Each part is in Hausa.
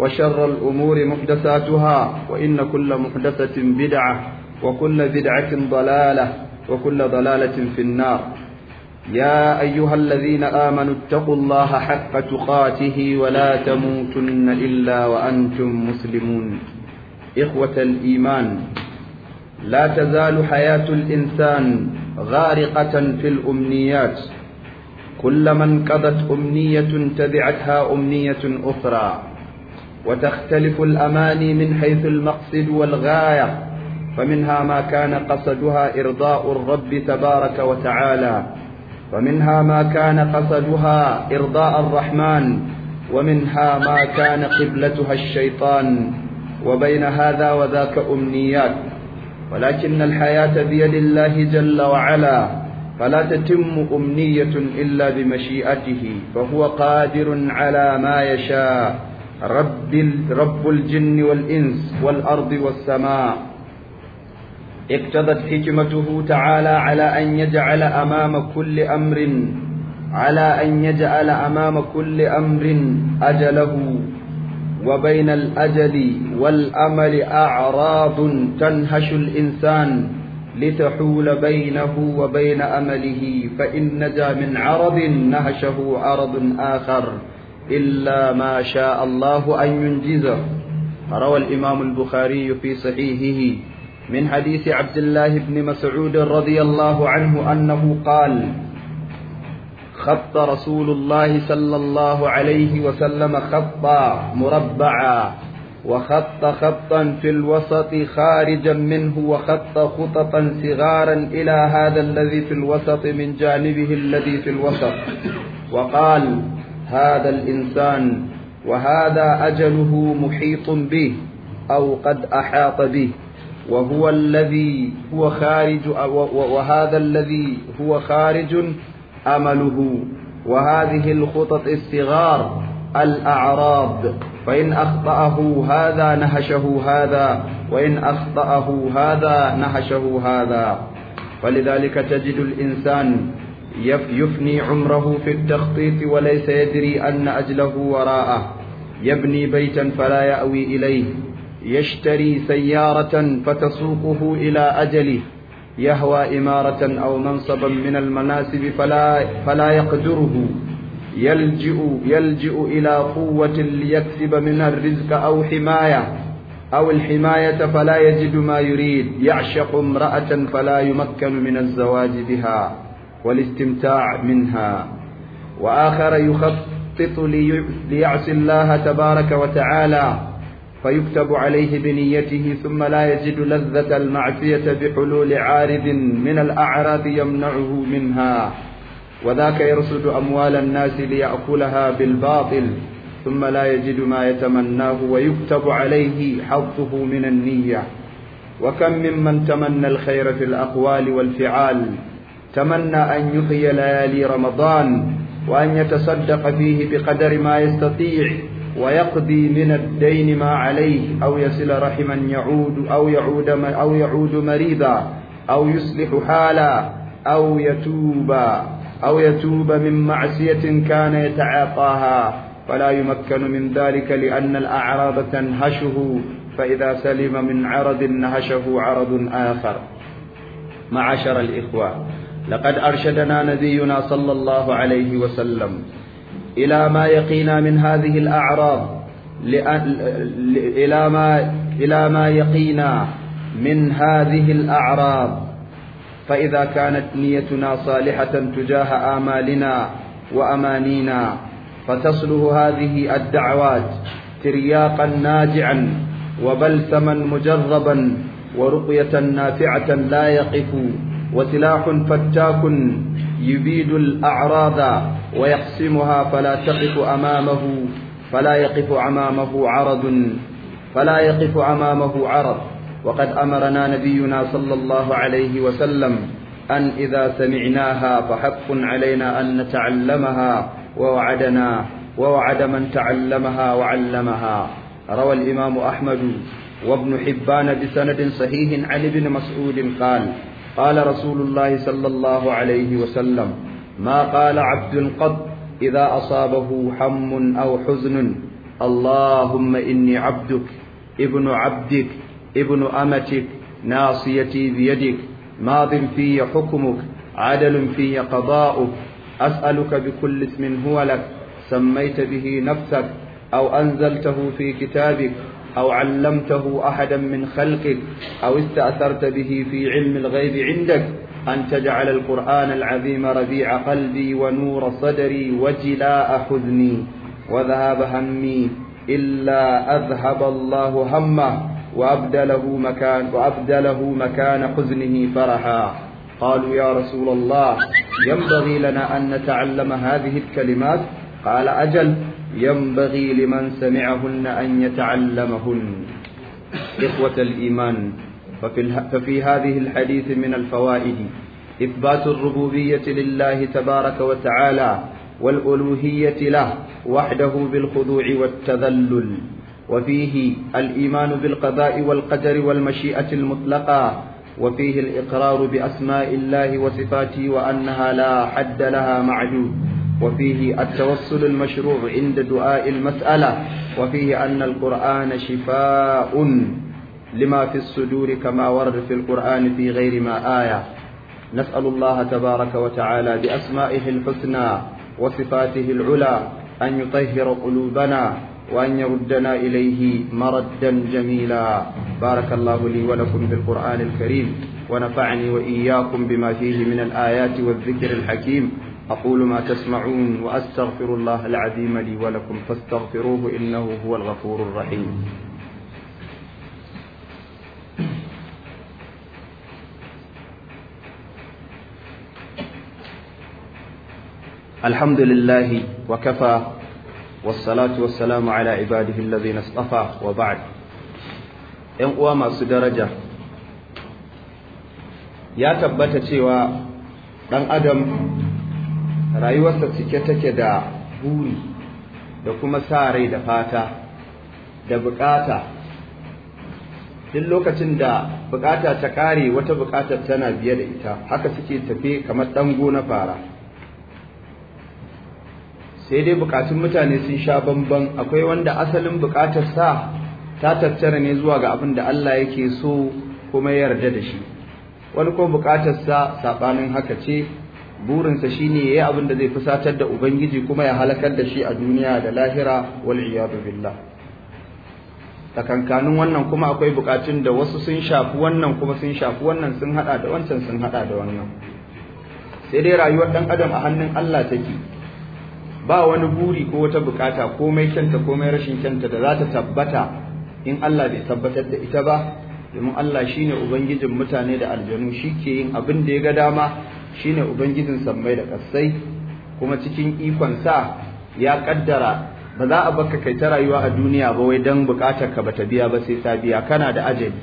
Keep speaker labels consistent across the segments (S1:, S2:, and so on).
S1: وشر الأمور محدثاتها وإن كل محدثة بدعة وكل بدعة ضلالة وكل ضلالة في النار يا أيها الذين آمنوا اتقوا الله حق تقاته ولا تموتن إلا وأنتم مسلمون إخوة الإيمان لا تزال حياة الإنسان غارقة في الأمنيات كلما انقضت أمنية تبعتها أمنية أخرى وتختلف الاماني من حيث المقصد والغايه فمنها ما كان قصدها ارضاء الرب تبارك وتعالى ومنها ما كان قصدها ارضاء الرحمن ومنها ما كان قبلتها الشيطان وبين هذا وذاك امنيات ولكن الحياه بيد الله جل وعلا فلا تتم امنيه الا بمشيئته فهو قادر على ما يشاء رب رب الجن والإنس والأرض والسماء اقتضت حكمته تعالى على أن يجعل أمام كل أمر على أن يجعل أمام كل أمر أجله وبين الأجل والأمل أعراض تنهش الإنسان لتحول بينه وبين أمله فإن نجا من عرض نهشه عرض آخر إلا ما شاء الله أن ينجزه روى الإمام البخاري في صحيحه من حديث عبد الله بن مسعود رضي الله عنه أنه قال خط رسول الله صلى الله عليه وسلم خطا مربعا وخط خطا في الوسط خارجا منه وخط خططا صغارا إلى هذا الذي في الوسط من جانبه الذي في الوسط وقال هذا الإنسان وهذا أجله محيط به أو قد أحاط به وهو الذي هو خارج وهذا الذي هو خارج أمله وهذه الخطط الصغار الأعراض فإن أخطأه هذا نهشه هذا وإن أخطأه هذا نهشه هذا فلذلك تجد الإنسان يفني عمره في التخطيط وليس يدري أن أجله وراءه يبني بيتا فلا يأوي إليه يشتري سيارة فتسوقه إلى أجله يهوى إمارة أو منصبا من المناسب فلا, فلا يقدره يلجئ, يلجئ إلى قوة ليكسب منها الرزق أو حماية أو الحماية فلا يجد ما يريد يعشق امرأة فلا يمكن من الزواج بها والاستمتاع منها وآخر يخطط ليعصي الله تبارك وتعالى فيكتب عليه بنيته ثم لا يجد لذة المعصية بحلول عارض من الأعراض يمنعه منها وذاك يرصد أموال الناس ليأكلها بالباطل ثم لا يجد ما يتمناه ويكتب عليه حظه من النية وكم ممن تمنى الخير في الأقوال والفعال تمنى أن يحيي ليالي رمضان وأن يتصدق فيه بقدر ما يستطيع ويقضي من الدين ما عليه أو يصل رحما يعود أو يعود أو يعود مريضا أو يصلح حالا أو يتوب أو يتوب من معصية كان يتعاطاها فلا يمكن من ذلك لأن الأعراض تنهشه فإذا سلم من عرض نهشه عرض آخر معاشر الإخوة لقد أرشدنا نبينا صلى الله عليه وسلم إلى ما يقينا من هذه الأعراض إلى ما إلى ما يقينا من هذه الأعراض فإذا كانت نيتنا صالحة تجاه آمالنا وأمانينا فتصله هذه الدعوات ترياقا ناجعا وبلسما مجربا ورقية نافعة لا يقف وسلاح فتاك يبيد الأعراض ويقسمها فلا تقف أمامه فلا يقف أمامه عرض فلا يقف أمامه عرض وقد أمرنا نبينا صلى الله عليه وسلم أن إذا سمعناها فحق علينا أن نتعلمها ووعدنا ووعد من تعلمها وعلمها روى الإمام أحمد وابن حبان بسند صحيح عن ابن مسعود قال قال رسول الله صلى الله عليه وسلم ما قال عبد قط إذا أصابه حم أو حزن اللهم إني عبدك ابن عبدك ابن أمتك ناصيتي بيدك ماض في حكمك عدل في قضاؤك أسألك بكل اسم هو لك سميت به نفسك أو أنزلته في كتابك أو علمته أحدا من خلقك أو استأثرت به في علم الغيب عندك أن تجعل القرآن العظيم ربيع قلبي ونور صدري وجلاء حزني وذهاب همي إلا أذهب الله همه وأبدله مكان وأبدله مكان حزنه فرحا قالوا يا رسول الله ينبغي لنا أن نتعلم هذه الكلمات قال أجل ينبغي لمن سمعهن أن يتعلمهن إخوة الإيمان ففي, ففي هذه الحديث من الفوائد إثبات الربوبية لله تبارك وتعالى والألوهية له وحده بالخضوع والتذلل وفيه الإيمان بالقضاء والقدر والمشيئة المطلقة وفيه الإقرار بأسماء الله وصفاته وأنها لا حد لها معدود وفيه التوسل المشروع عند دعاء المسألة وفيه أن القرآن شفاء لما في الصدور كما ورد في القرآن في غير ما آية نسأل الله تبارك وتعالى بأسمائه الحسنى وصفاته العلى أن يطهر قلوبنا وأن يردنا إليه مردا جميلا بارك الله لي ولكم بالقرآن الكريم ونفعني وإياكم بما فيه من الآيات والذكر الحكيم أقول ما تسمعون وأستغفر الله العظيم لي ولكم فاستغفروه إنه هو الغفور الرحيم الحمد لله وكفى والصلاة والسلام على عباده الذين اصطفى وبعد إن قوام درجة يا ya tabbata cewa adam rayuwarsa cike take da buri da kuma sa rai da fata da bukata duk lokacin da bukata ta kare wata bukatar tana biye da ita haka suke tafe kamar dango na fara sai dai bukatun mutane sun sha bamban akwai wanda asalin bukatar sa ta tattara ne zuwa ga abin da Allah yake so kuma yarda da shi wani kuma bukatar sa sabanin haka ce burinsa shi ne ya yi abin da zai fusatar da ubangiji kuma ya halakar da shi a duniya da lahira Wal'iyyar iyadu billah kankanin wannan kuma akwai bukatun da wasu sun shafi wannan kuma sun shafi wannan sun hada da wancan sun hada da wannan sai dai rayuwar dan adam a hannun Allah take ba wani buri ko wata bukata komai kyanta komai rashin kyanta da za ta tabbata in Allah bai tabbatar da ita ba domin Allah shine ubangijin mutane da aljanu shi ke yin abin da ya ga dama shine ubangijin sammai da ƙasai kuma cikin ikon sa ya ƙaddara ba za a baka kai ta rayuwa a duniya ba wai dan bukatar ka bata biya ba sai ta biya kana da ajali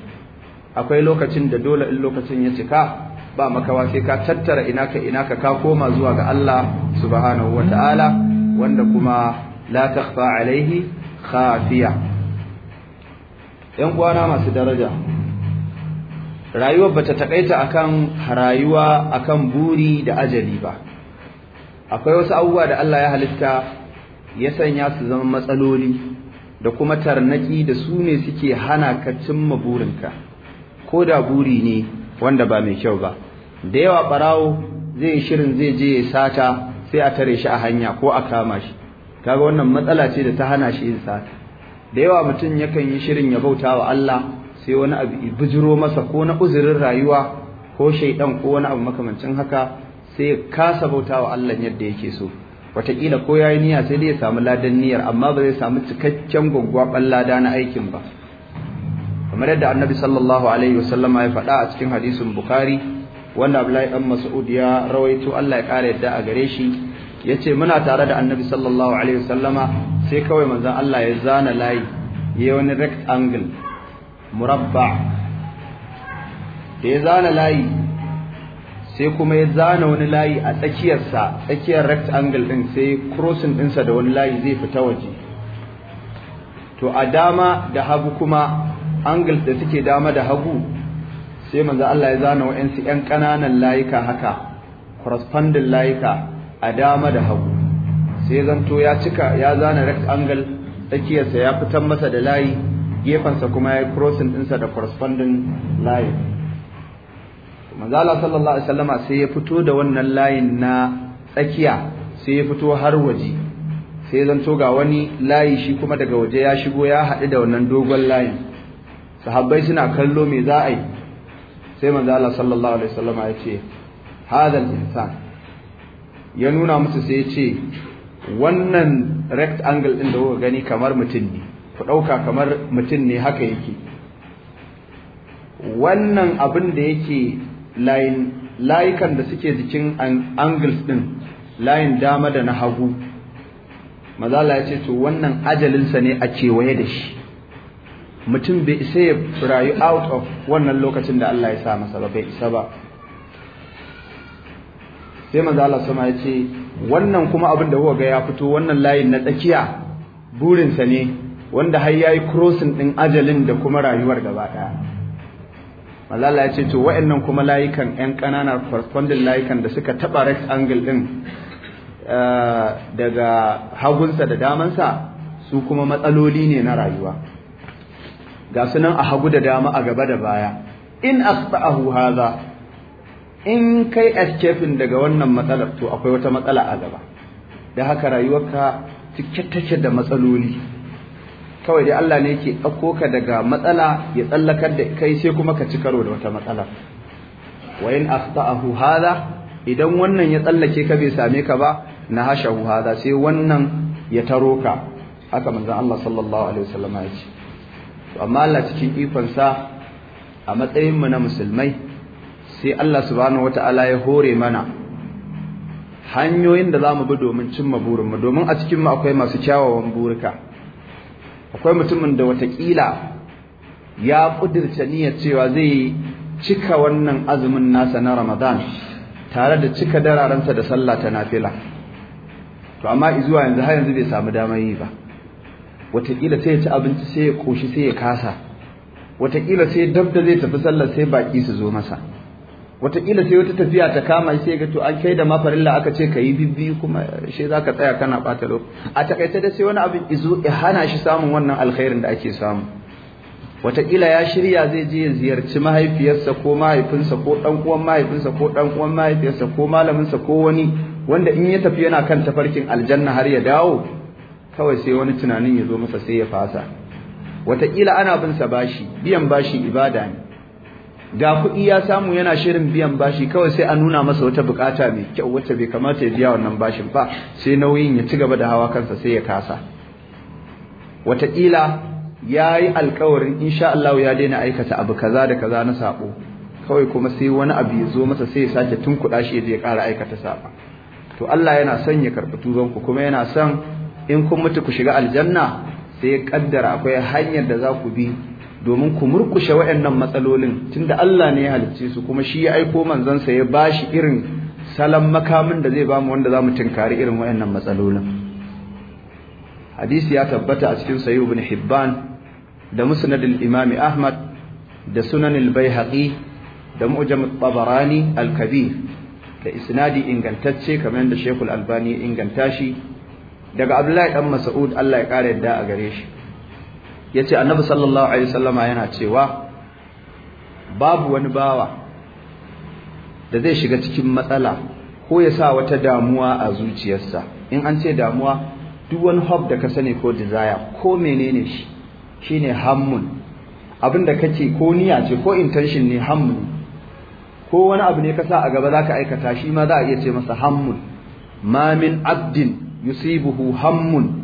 S1: akwai lokacin da dole in lokacin ya cika ba makawa sai ka tattara ina ka ina ka ka koma zuwa ga Allah subhanahu wataala wanda kuma la takhfa alaihi khafiya yan uwana masu daraja rayuwar bata taƙaita akan rayuwa akan buri da ajali ba akwai wasu abubuwa da Allah ya halitta ya sanya su zama matsaloli da kuma tarnaki da su ne suke hana ka cimma burinka ko da buri ne wanda ba mai kyau ba da yawa ɓarawo zai shirin zai je ya sata sai a tare shi a hanya ko a kama shi kaga wannan matsala ce da ta hana shi yin sata da yawa mutum yakan yi shirin ya bauta wa Allah sai wani abu bijiro masa ko na uzurin rayuwa ko shaidan ko wani abu makamancin haka sai ya kasa bautawa Allah yadda yake so wataƙila ko yayi niyya sai dai ya samu ladan niyyar amma ba zai samu cikakken gwaggwaban lada na aikin ba kamar yadda annabi sallallahu alaihi wasallama ya faɗa a cikin hadisin bukhari wanda abdullahi dan mas'ud ya rawaito Allah ya ƙara yadda a gare shi yace muna tare da annabi sallallahu alaihi wasallama sai kawai manzon Allah ya zana layi yayi wani angle. murabba da ya zana layi sai kuma ya zana wani layi a tsakiyarsa tsakiyar rectangle din sai crossing dinsa da wani layi zai fita waje to a dama da hagu kuma angle da suke dama da hagu sai manzo Allah ya zana wa'ansu ƴan ƙananan layuka haka corresponding layuka a dama da hagu sai zanto ya cika ya zana rectangle tsakiyarsa ya fitar masa da layi gefensa kuma ya yi crossing ɗinsa da corresponding layin. manzala sallallahu alaihi wasallama sai ya fito da wannan layin na tsakiya sai ya fito har waje sai zanto ga wani layi shi kuma daga waje ya shigo ya haɗu da wannan dogon layin sahabbai suna kallo me za a yi sai manzala sallallahu alaihi wasallama ya ce hadal insan ya nuna musu sai ya ce wannan rectangle ɗin da kuka gani kamar mutum ne ku ɗauka kamar mutum ne haka yake wannan abin da yake layikan layukan da suke jikin angles ɗin layin dama da na hagu mazala ya ce to wannan ajalinsa ne a kewaye da shi mutum bai isa ya rayu out of wannan lokacin da Allah ya sa masa ba bai isa ba sai mazala sama ya ce wannan kuma abin da huwa ga ya fito wannan layin na tsakiya burinsa ne wanda har yayi crossing din ajalin da kuma rayuwar gaba daya malala ya ce to wa'annan kuma layukan yan ƙanana corresponding layukan da suka taba right angle din eh, daga hagunsa da damansa su kuma matsaloli ne na rayuwa ga sunan a hagu da dama a gaba da baya in asba'ahu hadha in kai escaping daga wannan matsalar to akwai wata matsala a gaba da haka rayuwarka cike take da matsaloli kawai dai Allah ne yake ɗauko ka daga matsala ya tsallakar da kai sai kuma ka ci karo da wata matsala wa in a huhada? idan wannan ya tsallake ka bai same ka ba na hashahu huhada sai wannan ya taro ka haka manzon Allah sallallahu alaihi wasallam ya ce amma Allah cikin ikon sa a matsayin mu na musulmai sai Allah subhanahu wataala ya hore mana hanyoyin da za mu bi domin cimma burin mu domin a cikinmu akwai masu kyawawan burika akwai mutumin da watakila ya kudirce niyyar cewa zai cika wannan azumin nasa na Ramadan tare da cika dararansa da sallah ta nafila to amma zuwa yanzu har yanzu bai samu damar yi ba watakila sai ya ci abinci sai ya koshi sai ya kasa watakila sai dabda zai tafi sallar sai baki su zo masa wataƙila sai wata tafiya ta kama sai ga to an kai da mafarilla aka ce ka yi bibbi kuma shi za ka tsaya kana ɓata lokaci a taƙaice da sai wani abin izo ya hana shi samun wannan alkhairin da ake samu wataƙila ya shirya zai je ya ziyarci mahaifiyarsa ko mahaifinsa ko ɗan uwan mahaifinsa ko ɗan uwan mahaifiyarsa ko malaminsa ko wani wanda in ya tafi yana kan tafarkin aljanna har ya dawo kawai sai wani tunanin ya zo masa sai ya fasa wataƙila ana bin sa bashi biyan bashi ibada ne ga kuɗi ya samu yana shirin biyan bashi kawai sai a nuna masa wata bukata mai kyau wacce bai kamata ya biya wannan bashin ba sai nauyin ya ci gaba da hawa kansa sai ya kasa wataƙila ya yi alkawarin insha Allah ya daina aikata abu kaza da kaza na sabo kawai kuma sai wani abu ya zo masa sai ya sake tunkuɗa shi ya ƙara aikata saba to Allah yana son ya karɓi ku kuma yana son in kun mutu ku shiga aljanna sai ya kaddara akwai hanyar da za ku bi domin ku murkushe waɗannan matsalolin tunda Allah ne ya halicce su kuma shi ya aiko manzansa ya bashi irin salon makamin da zai ba mu wanda za mu tinkari irin waɗannan matsalolin hadisi ya tabbata a cikin sahih ibn Hibban da musnad Imami Ahmad da sunanul bayhaqi da mu'jam at-Tabarani al-Kabir da isnadi ingantacce kamar yadda Sheikh albani ya inganta shi daga Abdullahi dan Mas'ud Allah ya kare yadda a gare shi Ya ce annabi sallallahu alaihi sallama yana cewa babu wani bawa da zai shiga cikin matsala ko ya sa wata damuwa a zuciyarsa in an ce damuwa duk wani hope da ka sani ko desire ko menene shi shine hammun abinda kake ko niya ce ko intention ne hammun ko wani abu ne ka sa a gaba zaka aikata shi ma za a iya ce masa hammun Mamin min abdin yusibuhu hammun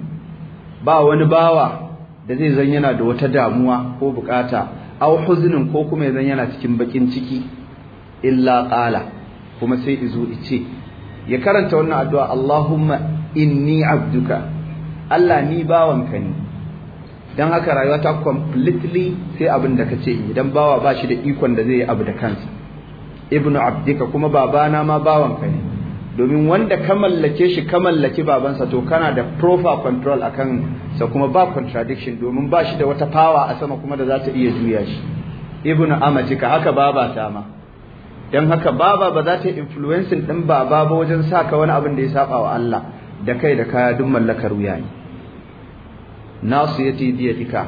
S1: ba wani bawa da zai zan yana da wata damuwa ko bukata au huzunin ko kuma zan yana cikin bakin ciki illa qala kuma sai izo ice ya karanta wannan addu'a Allahumma inni abduka Allah ni ka ne dan haka rayuwa ta completely sai abin da kace idan bawa bashi da ikon da zai yi abu da kansa ibnu abdika kuma babana ma bawanka ne domin wanda ka mallake shi ka mallaki babansa to kana da proper control akan sa kuma ba contradiction domin ba shi da wata power a sama kuma da za ta iya juya shi ibnu ka haka baba ta ma dan haka baba ba za ta influencing din baba ba wajen saka wani abin da ya saba wa Allah da kai da kaya duk mallakar wuya ne nasiyati biyadika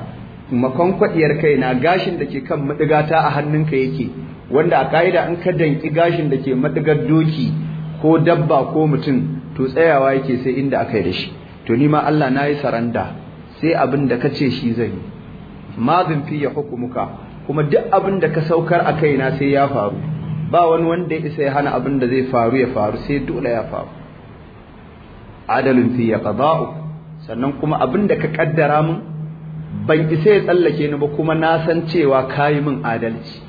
S1: makonkwadiyar kai na gashin da ke kan madigata a hannunka yake wanda a ka'ida an ka danki gashin da ke madigar doki ko dabba ko mutum to tsayawa yake sai inda aka yi da shi to ni ma Allah na yi saranda sai abin da ka ce shi zai yi mazin fi ya hukumuka kuma duk abin da ka saukar a kaina sai ya faru ba wani wanda ya isa ya hana abin da zai faru ya faru sai dole ya faru adalun fi ya qada'u sannan kuma abin da ka kaddara min ban isa ya tsallake ni ba kuma na san cewa kayi min adalci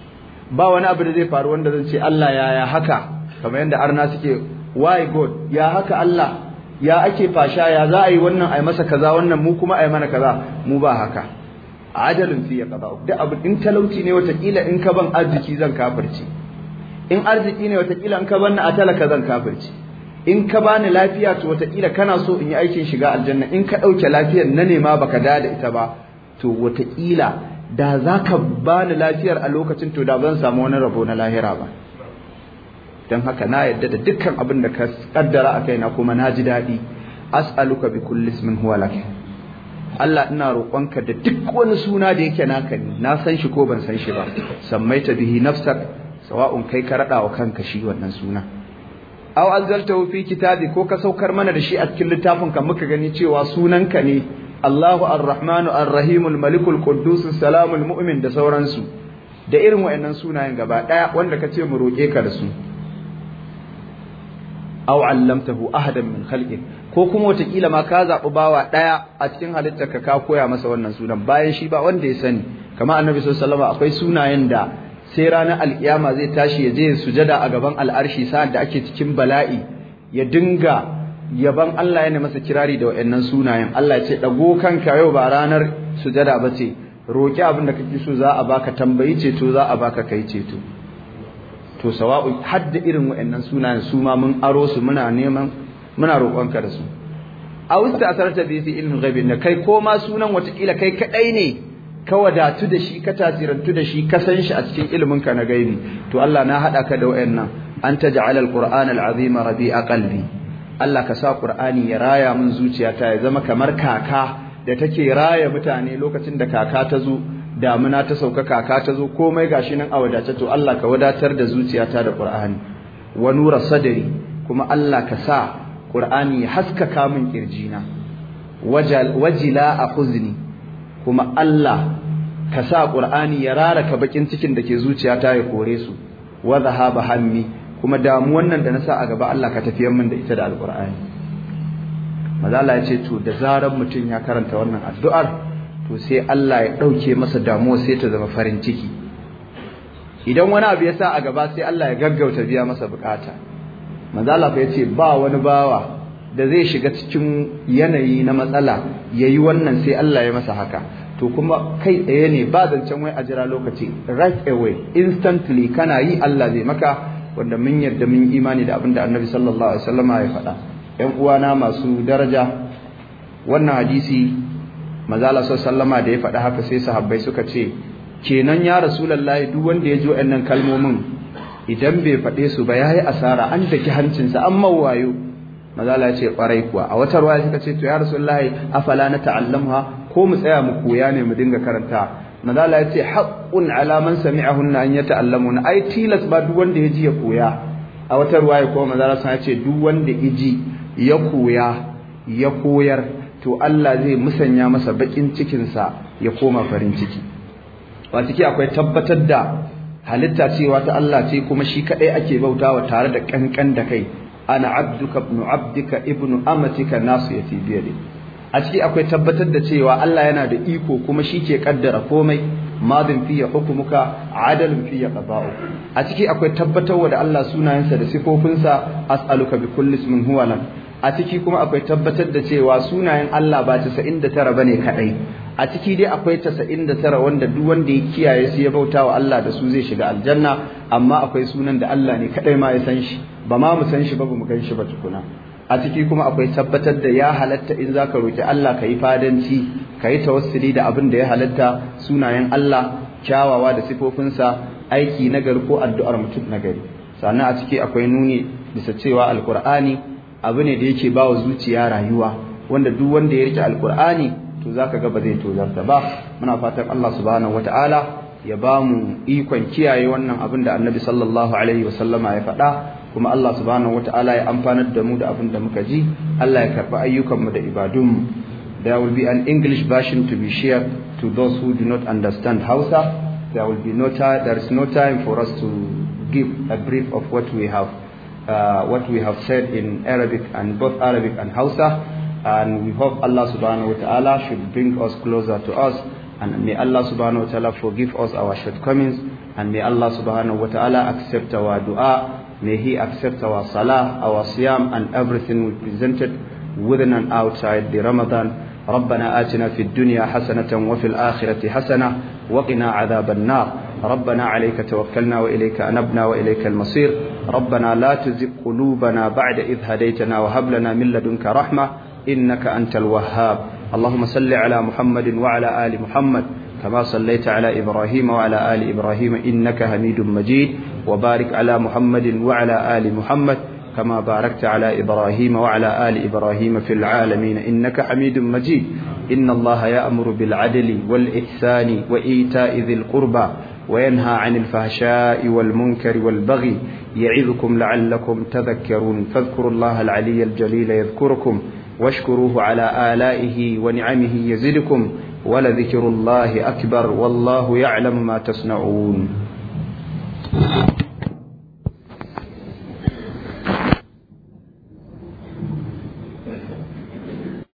S1: ba wani abu da zai faru wanda zan ce Allah ya ya haka kamar yadda arna suke why god ya haka Allah ya ake fasha ya za a yi wannan a yi masa kaza wannan mu kuma a yi mana kaza mu ba haka ajalin fiye kaza da abu in talauci ne watakila in ka ban arziki zan kafirci in arziki ne watakila in ka ban na a talaka zan kafirci in ka bani lafiya to watakila kana so in yi aikin shiga aljanna in ka ɗauke lafiyar na nema baka da da ita ba to watakila da za ka bani lafiyar a lokacin to da zan samu wani rabo na lahira ba don haka na yadda da dukkan abin da ka kaddara a kaina kuma na ji daɗi as'aluka bi kulli ismin huwa lak Allah ina roƙonka da duk wani suna da yake naka ne na san shi ko ban san shi ba sammaita bihi nafsak sawa'un kai ka raɗa wa kanka shi wannan suna aw anzaltahu fi kitabi ko ka saukar mana da shi a cikin littafin ka muka gani cewa sunanka ne Allahu Ar-Rahmanu Ar-Rahimul Malikul Quddus Salamul Mu'min da sauransu da irin wayannan sunayen gaba daya wanda kace mu roke ka da su aw allamtahu ahadan min khalqi ko kuma watakila ma ka zabi bawa daya a cikin halittarka ka koya masa wannan sunan bayan shi ba wanda ya sani kama annabi sallallahu alaihi akwai sunayen da sai ranar alkiyama zai tashi ya je sujada a gaban al'arshi sa'ad da ake cikin bala'i ya dinga yaban Allah yana masa kirari da wayannan sunayen Allah ya ce dago kanka yau ba ranar sujada ba ce, roki abin da kake so za a baka tambayi ceto za a baka kai ceto to sawa'u hadda irin wa'annan sunayen su ma mun aro su muna neman muna da su a wusta asarta bi fi ilmin ghaibi na kai ko ma sunan watakila kai kaɗai ne ka wadatu da shi ka tasirantu da shi ka san shi a cikin ilimin ka na gaibi to Allah na haɗa ka da wa'annan an ta al-qur'ana al-azima rabi'a qalbi Allah ka sa qur'ani ya raya mun zuciyata ya zama kamar kaka da take raya mutane lokacin da kaka ta zo damuna ta sauka kaka ta zo komai gashi nan a wadace to Allah ka wadatar da zuciyata da Qur'ani wa nura sadri kuma Allah ka sa Qur'ani ya haskaka min kirjina wajila a huzni kuma Allah ka sa Qur'ani ya raraka bakin cikin da ke zuciyata ya kore su wa zahaba hammi kuma damuwan nan da na sa a gaba Allah ka tafiyar min da ita da Al-Qur'ani mazala ya ce to da zaran mutum ya karanta wannan addu'ar to sai Allah ya ɗauke masa damuwa sai ta zama farin ciki idan wani abu ya sa a gaba sai Allah ya gaggauta biya masa bukata manzo Allah fa yace ba wani bawa da zai shiga cikin yanayi na matsala yayi wannan sai Allah ya masa haka to kuma kai tsaye ne ba zancen wai a jira lokaci right away instantly kana yi Allah zai maka wanda mun yarda mun imani da abin da Annabi sallallahu alaihi wasallama ya faɗa ƴan uwana masu daraja wannan hadisi mazala Allah sallama da ya faɗi haka sai sahabbai suka ce kenan ya rasulullahi duk wanda ya ji waɗannan kalmomin idan bai faɗe su ba ya yi asara an daki hancinsa an mawayo manzo Allah ya ce kwarai kuwa a wata ruwa suka ce to ya rasu rasulullahi afala na ta'allamuha ko mu tsaya mu koya ne mu dinga karanta manzo Allah ya ce hunna ala man na an na ai tilas ba duk wanda ya ji ya koya a wata ruwa ya kuma mazala sun ce duk wanda ya ji ya koya ya koyar to Allah zai musanya masa bakin cikinsa ya koma farin ciki ba ciki akwai tabbatar da halitta cewa ta Allah ce kuma shi kadai ake bautawa tare da kankan da kai ana abduka ibnu abdika ibnu amatika nasiyati biyadi a ciki akwai tabbatar da cewa Allah yana da iko kuma shi ke kaddara komai madin fiye hukumuka adalin fiye qada'u a ciki akwai tabbatarwa da Allah sunayensa da sifofinsa as'aluka bi kulli ismin huwa lak a ciki kuma akwai tabbatar da cewa sunayen Allah ba 99 bane kadai a ciki dai akwai 99 wanda duk wanda ya kiyaye su ya bauta wa Allah da su zai shiga aljanna amma akwai sunan da Allah ne kadai ma ya san shi ba ma mu san shi ba mu gan shi ba tukuna a ciki kuma akwai tabbatar da ya halatta in zaka roki Allah ka yi fadanci ka yi tawassuli da abin da ya halatta sunayen Allah kyawawa da sifofinsa aiki nagari ko addu'ar mutum na gari. sannan a ciki akwai nuni bisa cewa alkur'ani abu ne da yake wa zuciya rayuwa wanda duk wanda ya rike alkur'ani to zaka ga ba zai tozarta ba muna fatan Allah subhanahu wataala ya ba mu ikon kiyaye wannan abin da Annabi sallallahu alaihi wasallama ya faɗa kuma Allah subhanahu wataala ya amfanar da mu da abin da muka ji Allah ya karɓi ayyukan mu da ibadun mu there will be an English version to be shared to those who do not understand Hausa there will be no time there is no time for us to give a brief of what we have Uh, what we have said in Arabic and both Arabic and Hausa. And we hope Allah subhanahu wa ta'ala should bring us closer to us. And may Allah subhanahu wa ta'ala forgive us our shortcomings. And may Allah subhanahu wa ta'ala accept our dua. May He accept our salah, our siyam, and everything we presented within and outside the Ramadan. ربنا آتنا في الدنيا حسنة وفي الآخرة حسنة وقنا عذاب النار ربنا عليك توكلنا وإليك أنبنا وإليك المصير ربنا لا تزق قلوبنا بعد إذ هديتنا وهب لنا من لدنك رحمة إنك أنت الوهاب اللهم صل على محمد وعلى آل محمد كما صليت على إبراهيم وعلى آل إبراهيم إنك حميد مجيد وبارك على محمد وعلى آل محمد كما باركت على إبراهيم وعلى آل إبراهيم في العالمين إنك حميد مجيد إن الله يأمر بالعدل والإحسان وإيتاء ذي القربى وينهى عن الفحشاء والمنكر والبغي يعظكم لعلكم تذكرون فاذكروا الله العلي الجليل يذكركم واشكروه على آلائه ونعمه يزدكم ولذكر الله أكبر والله يعلم ما تصنعون